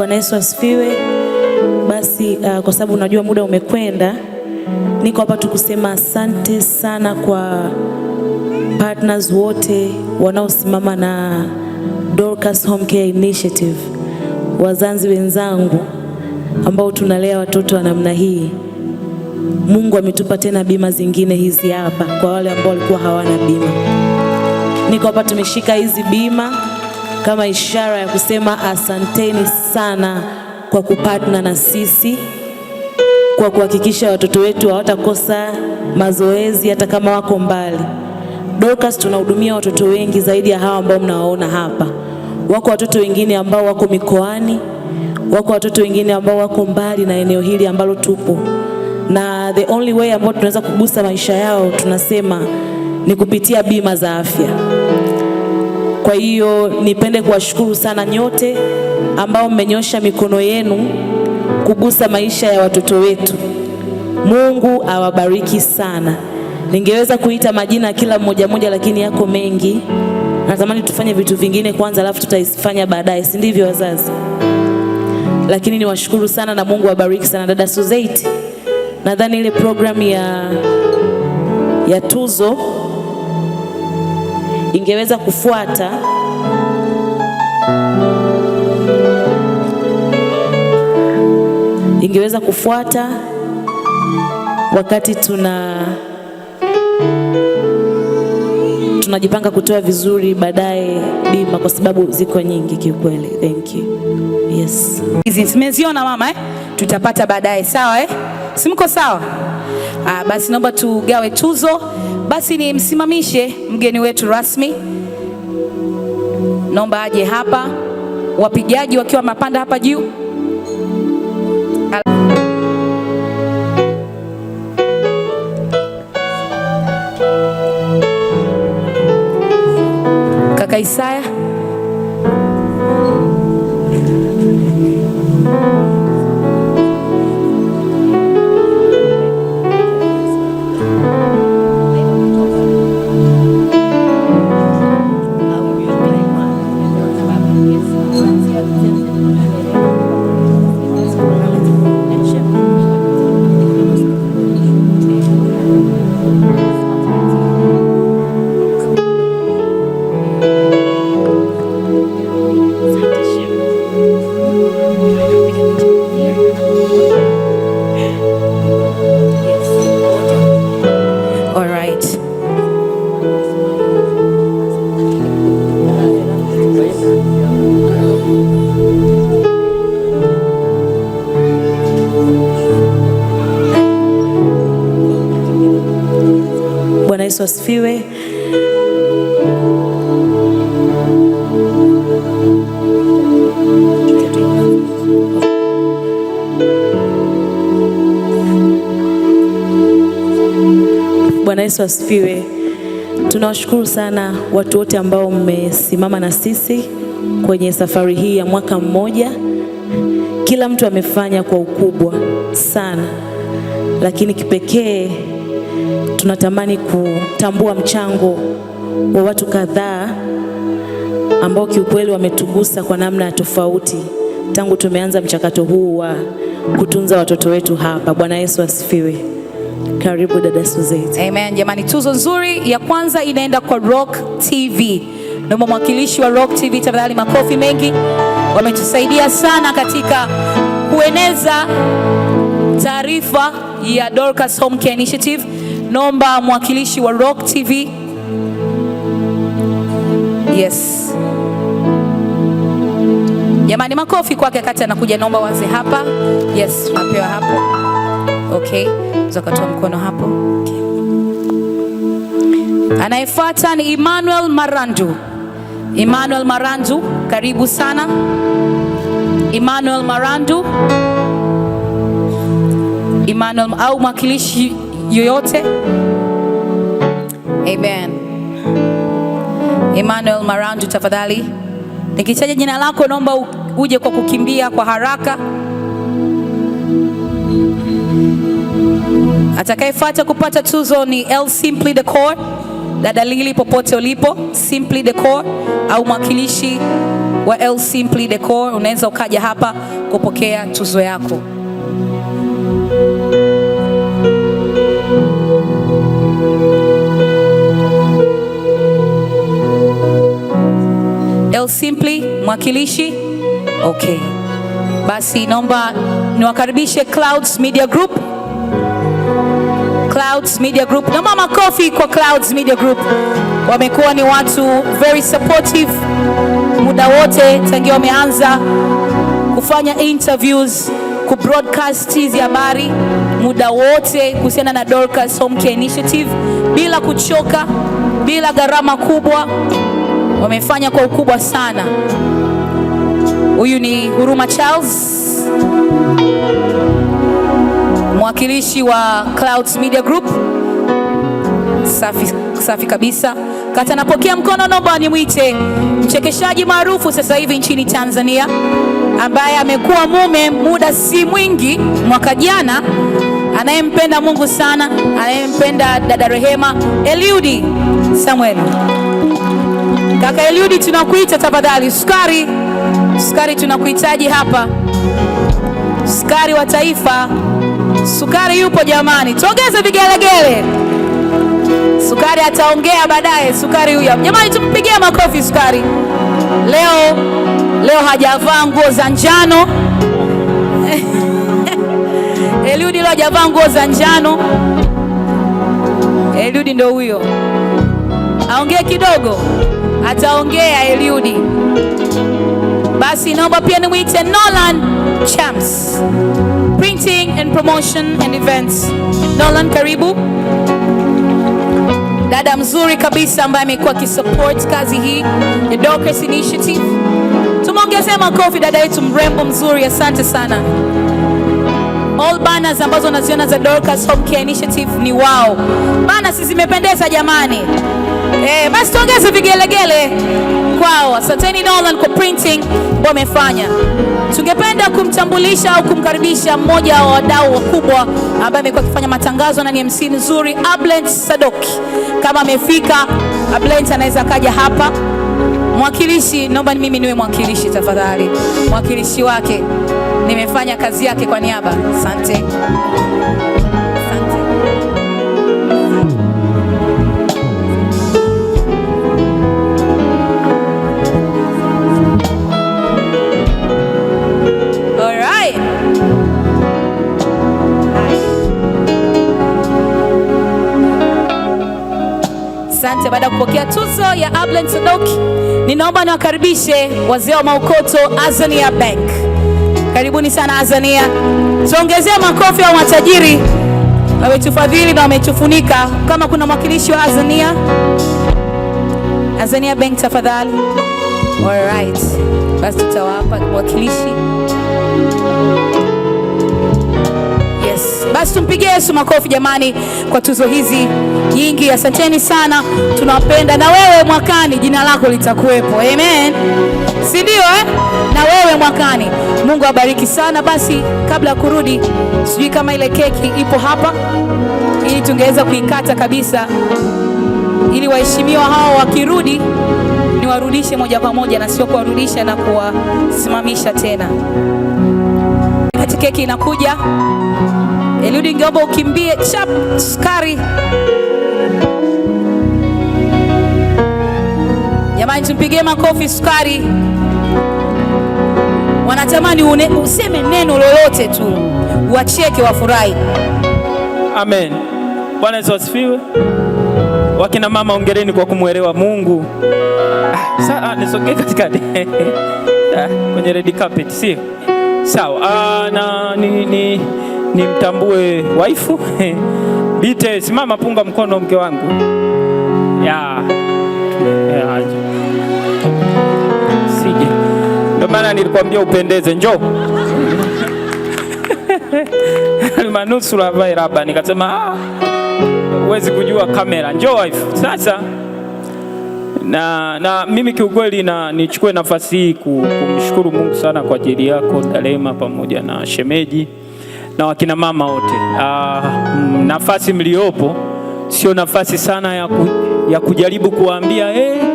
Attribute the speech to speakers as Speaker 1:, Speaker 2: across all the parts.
Speaker 1: Bwana Yesu asifiwe. Basi uh, kwa sababu unajua muda umekwenda, niko hapa tukusema asante sana kwa partners wote wanaosimama na Dorcas Home Care Initiative, wazazi wenzangu ambao tunalea watoto wa namna hii. Mungu ametupa tena bima zingine hizi hapa kwa wale ambao walikuwa hawana bima. Niko hapa tumeshika hizi bima kama ishara ya kusema asanteni sana kwa kupatna na sisi kwa kuhakikisha watoto wetu hawatakosa mazoezi hata kama wako mbali. Dorcas tunahudumia watoto wengi zaidi ya hawa ambao mnawaona hapa. Wako watoto wengine ambao wako mikoani, wako watoto wengine ambao wako mbali na eneo hili ambalo tupo, na the only way ambao tunaweza kugusa maisha yao tunasema ni kupitia bima za afya. Kwa hiyo nipende kuwashukuru sana nyote ambao mmenyosha mikono yenu kugusa maisha ya watoto wetu. Mungu awabariki sana. Ningeweza kuita majina kila mmoja mmoja, lakini yako mengi. Natamani tufanye vitu vingine kwanza, alafu tutaifanya baadaye, si ndivyo wazazi? Lakini niwashukuru sana na Mungu awabariki sana. Dada Suzeti, nadhani ile programu ya, ya tuzo ingeweza kufuata ingeweza kufuata wakati tuna tunajipanga kutoa vizuri baadaye bima, kwa sababu ziko nyingi kiukweli. Thank you. Yes,
Speaker 2: hizi simeziona mama eh? Tutapata baadaye sawa eh? Simko sawa? Ah, basi naomba tugawe tuzo. Basi nimsimamishe mgeni wetu rasmi, naomba aje hapa, wapigaji wakiwa mapanda hapa juu. Kaka Isaya
Speaker 1: asifiwe. Bwana Yesu asifiwe. Tunawashukuru sana watu wote ambao mmesimama na sisi kwenye safari hii ya mwaka mmoja. Kila mtu amefanya kwa ukubwa sana, lakini kipekee tunatamani kutambua mchango wa watu kadhaa ambao kiukweli wametugusa kwa namna tofauti tangu tumeanza mchakato huu wa kutunza watoto wetu hapa. Bwana Yesu asifiwe. Karibu dada Suzette.
Speaker 2: Amen. Jamani, tuzo nzuri ya kwanza inaenda kwa Rock TV. Naomba mwakilishi wa Rock TV tafadhali, makofi mengi. Wametusaidia sana katika kueneza taarifa ya Dorcas Home Care Initiative. Nomba mwakilishi wa Rock TV. Yes jamani, makofi kwake kati anakuja. Naomba waze hapa. Yes, unapewa hapo. Okay, zakatoa mkono hapo. Okay. Anayefuata ni Emmanuel Marandu. Emmanuel Marandu, karibu sana Emmanuel Marandu. Emmanuel au mwakilishi yoyote? Amen. Emmanuel Marandu, tafadhali nikichaja jina lako naomba uje kwa kukimbia kwa haraka. Atakayefuata kupata tuzo ni l Simply Decor. Dada Lili, popote ulipo, Simply core au mwakilishi wa l Simply core unaweza ukaja hapa kupokea tuzo yako. Simply mwakilishi. Okay, basi naomba niwakaribishe Clouds Media Group. Clouds Media Group, naomba makofi kwa Clouds Media Group. Wamekuwa ni watu very supportive muda wote tangia wameanza kufanya interviews ku broadcast hizi habari muda wote kuhusiana na Dorcas Home Care Initiative bila kuchoka, bila gharama kubwa wamefanya kwa ukubwa sana. Huyu ni Huruma Charles, mwakilishi wa Clouds Media Group. Safi, safi kabisa. Kata napokea mkono, naomba nimwite mchekeshaji maarufu sasa hivi nchini Tanzania ambaye amekuwa mume muda si mwingi, mwaka jana, anayempenda Mungu sana, anayempenda dada Rehema, Eliudi Samweli. Kaka Eliudi, tunakuita tafadhali. Sukari, sukari, tunakuhitaji hapa, sukari wa taifa. Sukari yupo jamani, tuongeze vigelegele. Sukari ataongea baadaye. Sukari huyo jamani, tumpigie makofi Sukari. Leo leo hajavaa nguo za njano Eliudi leo hajavaa nguo za njano. Eliudi ndo huyo, aongee kidogo ataongea Eliudi. Basi naomba pia nimwite Nolan Champs, Printing and Promotion and Events. Nolan, karibu dada mzuri kabisa ambaye amekuwa akisupport kazi hii ya Dorcas Initiative. Tumwongezee makofi dada yetu mrembo mzuri, asante sana. All banners ambazo unaziona za Dorcas Home Care Initiative ni wao. Banners zimependeza jamani. Eh, basi tuongeze vigelegele kwao. Asanteni Nolan kwa printing wamefanya. Tungependa kumtambulisha au kumkaribisha mmoja wa wadau wakubwa ambaye amekuwa akifanya matangazo na ni MC mzuri Ablent Sadoki. Kama amefika Ablent anaweza akaja hapa. Mwakilishi, naomba mimi niwe mwakilishi tafadhali. Mwakilishi wake nimefanya kazi yake kwa niaba. Asante, asante. Baada ya kupokea tuzo ya Ablen Sadoki, ninaomba niwakaribishe wazee wa Maukoto Azania Bank. Karibuni sana Azania, tuongezee makofi au matajiri wametufadhili na wametufunika. Kama kuna mwakilishi wa Azania, Azania Bank tafadhali. Alright, basi tutawapa mwakilishi. Yes, basi tumpigie Yesu makofi jamani, kwa tuzo hizi nyingi. Asanteni sana, tunawapenda na wewe, mwakani jina lako litakuwepo. Amen si ndio eh? Na wewe mwakani. Mungu abariki sana. Basi kabla ya kurudi, sijui kama ile keki ipo hapa, ili tungeweza kuikata kabisa, ili waheshimiwa hao wakirudi niwarudishe moja kwa moja na sio kuwarudisha na kuwasimamisha tena. Kati keki inakuja. Eliudi, ngeomba ukimbie chap, sukari Jamani, tumpigie makofi sukari wanatamani une, useme neno lolote tu wacheke wafurahi.
Speaker 3: Amen. Bwana Yesu asifiwe. Wakina mama, ongereni kwa kumwelewa Mungu. Ah, saa ah, nisogee katikati ah, kwenye red carpet sio sawa. Ah, na ni, ni, ni mtambue waifu Bite, simama, punga mkono mke wangu ya yeah. yeah. Ndio maana nilikwambia upendeze, njoo almanusura vai raba, nikasema ah, huwezi kujua kamera, njoo wife. sasa. Na, na mimi kiukweli na nichukue nafasi hii kumshukuru Mungu sana kwa ajili yako Dalema pamoja na shemeji na wakina mama wote. Ah, nafasi mliopo sio nafasi sana ya, ku, ya kujaribu kuwaambia hey, eh,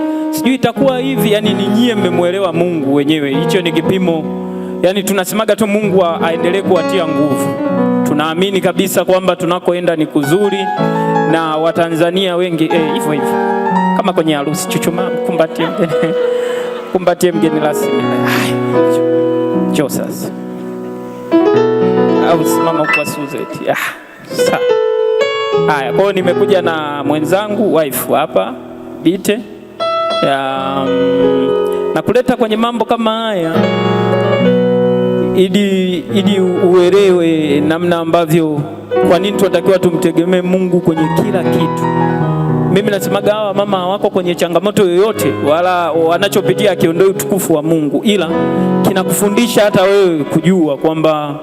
Speaker 3: sijui itakuwa hivi. Yani ni nyie mmemwelewa Mungu wenyewe, hicho ni kipimo. Yani tunasemaga tu Mungu aendelee kuwatia nguvu. Tunaamini kabisa kwamba tunakoenda ni kuzuri, na Watanzania wengi eh, hivyo eh, hivyo kama kwenye harusi, chuchuma kumbatie mgeni, kumbatie mgeni rasmi. Njoo sasa, au simama kwa Suzette. Ah, sawa. Haya, kwa hiyo nimekuja na mwenzangu wife hapa Bite um, na kuleta kwenye mambo kama haya ili ili uelewe namna ambavyo kwa nini tunatakiwa tumtegemee Mungu kwenye kila kitu. Mimi nasemaga hawa mama hawako kwenye changamoto yoyote, wala wanachopitia akiondoe utukufu wa Mungu, ila kinakufundisha hata wewe kujua kwamba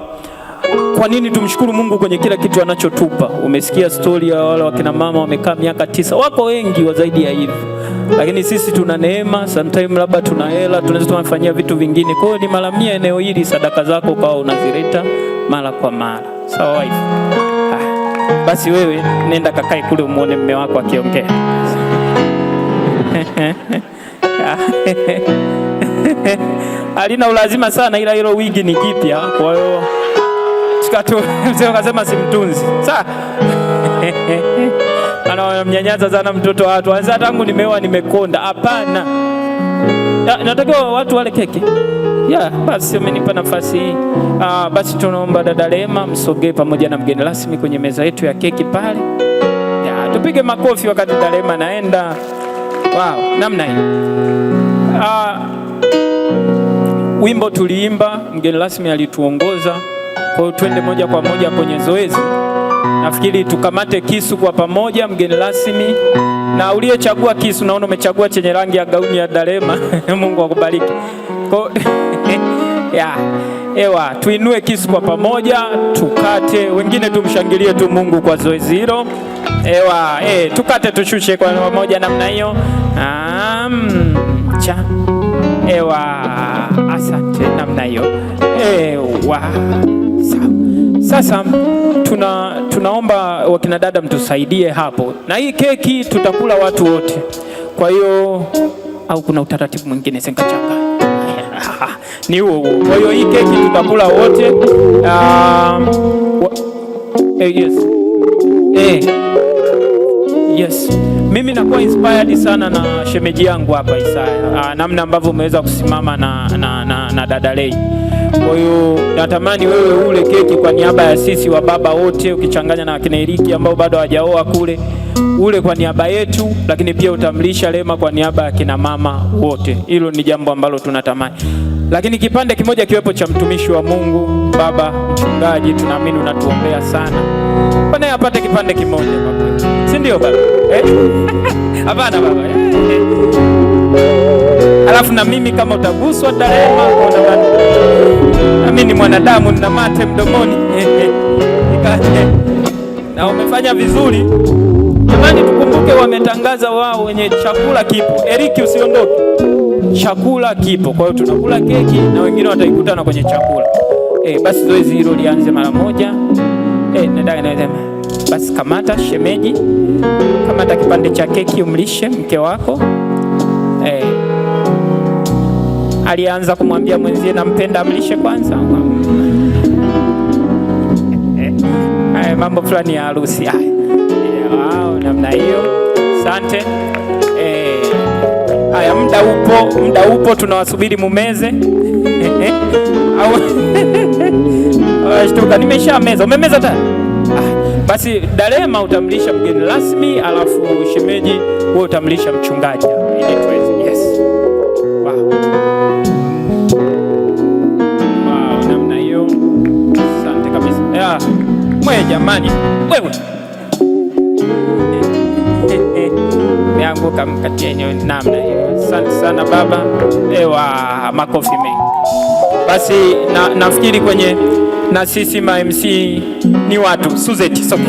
Speaker 3: kwa nini tumshukuru Mungu kwenye kila kitu anachotupa? Umesikia stori ya wale wakina mama wamekaa miaka tisa, wako wengi wa zaidi ya hivyo, lakini sisi tuna neema, sometimes labda tuna hela, tunaweza tumefanyia vitu vingine. Kwa hiyo ni mara mia eneo hili, sadaka zako ukawa unazileta mara kwa mara, sawa wife? Ah, basi wewe nenda kakae kule, umuone mme wako akiongea alina ulazima sana, ila hilo wigi ni jipya, kwa hiyo mzee akasema simtunzi. Sasa anamnyanyaza sana mtoto watu, anza tangu nimeoa nimekonda. Hapana, natakiwa watu wale keki ya basi amenipa nafasi hii. Ah, basi tunaomba dada Lema msogee pamoja na mgeni rasmi kwenye meza yetu ya keki pale. Ya, tupige makofi wakati dada Lema naenda. Wow, namna hii. Ah, wimbo tuliimba, mgeni rasmi alituongoza. Kwa hiyo twende moja kwa moja kwenye zoezi. Nafikiri tukamate kisu kwa pamoja, mgeni rasmi na uliyechagua kisu, naona umechagua chenye rangi ya gauni ya Darema Mungu akubariki. Kwa Ewa, tuinue kisu kwa pamoja tukate, wengine tumshangilie tu Mungu kwa zoezi hilo. Ewa, e, tukate tushushe kwa pamoja namna hiyo. Um, cha. Ewa, asante namna hiyo. Ewa. Sasa tuna, tunaomba wakina dada mtusaidie hapo, na hii keki tutakula watu wote, kwa hiyo au kuna utaratibu mwingine sinkachanga ni huo huo. Kwa hiyo hii keki tutakula wote. Uh, eh, yes. Eh. Yes, mimi nakuwa inspired sana na shemeji yangu hapa Isaya, ah, namna ambavyo umeweza kusimama na, na, na, na dada Lei. Kwa hiyo natamani wewe ule keki kwa niaba ya sisi wa baba wote, ukichanganya na akina Eriki ambao bado hawajaoa kule, ule kwa niaba yetu, lakini pia utamlisha Lema kwa niaba ya kina mama wote. Hilo ni jambo ambalo tunatamani, lakini kipande kimoja kiwepo cha mtumishi wa Mungu, baba mchungaji, tunaamini unatuombea sana, naye apate kipande kimoja kwa kweli ndio baba? Eh? Hapana eh? baba eh. Alafu na mimi kama utaguswa Darema, na mimi ni mwanadamu nina mate mdomoni eh, eh. na umefanya vizuri jamani, tukumbuke wametangaza wao wenye chakula kipo. Eriki, usiondoke, chakula kipo. Kwa hiyo tunakula keki na wengine wataikutana kwenye chakula eh. Basi zoezi hilo lianze mara moja eh, nadai nasema basi kamata shemeji, kamata kipande cha keki umlishe mke wako eh. Alianza kumwambia mwenzie nampenda, amlishe kwanza eh, eh, mambo fulani ya harusi haya eh, namna hiyo. Asante eh, haya, muda upo, muda upo, tunawasubiri mumeze au Shtuka, nimesha meza. Umemeza tayari? Basi Darema utamlisha mgeni rasmi, alafu shemeji wewe utamlisha mchungaji. Yes. Wow. Wow, namna hiyo. Asante kabisa. Yeah. Mwe jamani, wewe meanguka namna hiyo. Asante sana baba. Ewa, makofi mengi. Basi na, nafikiri kwenye na sisi ma MC ni watu suzeti soke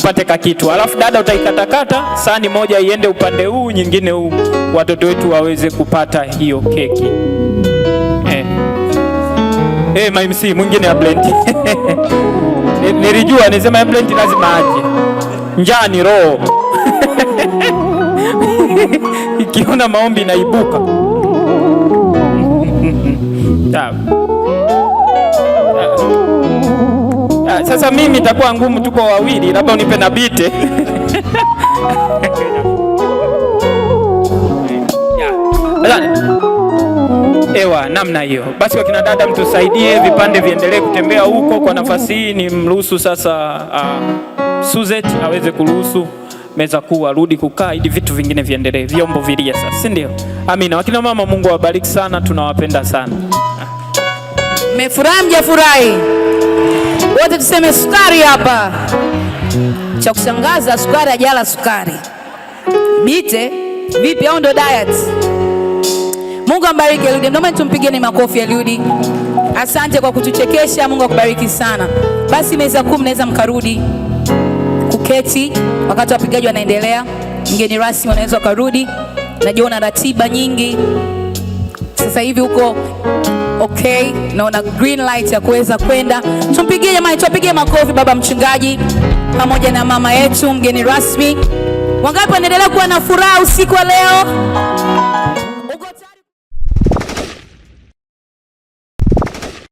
Speaker 3: upate kakitu, alafu dada utaikatakata sani moja iende upande huu nyingine huu, watoto wetu waweze kupata hiyo keki eh. Eh, ma MC mwingine ya blend nilijua nisema ya blend lazima aje, njaa ni roho ikiona maombi inaibuka Sasa mimi itakuwa ngumu, tuko wawili, labda unipe na bite ewa namna hiyo. Basi wakina dada, mtusaidie vipande viendelee kutembea huko. Kwa nafasi hii ni mruhusu sasa, uh, Suzet aweze kuruhusu meza kuu arudi kukaa ili vitu vingine viendelee, vyombo vilie sasa, si ndio? Amina. Wakina mama, Mungu awabariki sana, tunawapenda sana.
Speaker 2: Mmefurahi mjafurahi? wote tuseme sukari hapa. Cha kushangaza sukari ajala sukari. Bite vipi au ndo diet? Mungu ambariki Eliudi, ndomani tumpigeni makofi Eliud. Asante kwa kutuchekesha, Mungu akubariki sana. Basi meza kuu mnaweza mkarudi kuketi, wakati wapigaji wanaendelea, mgeni rasmi wanaweza ukarudi Najua una ratiba nyingi sasa hivi huko okay, naona green light ya kuweza kwenda. Tumpigie jamani, tupigie makofi baba mchungaji pamoja na mama yetu mgeni rasmi. Wangapi wanaendelea kuwa na furaha usiku wa leo?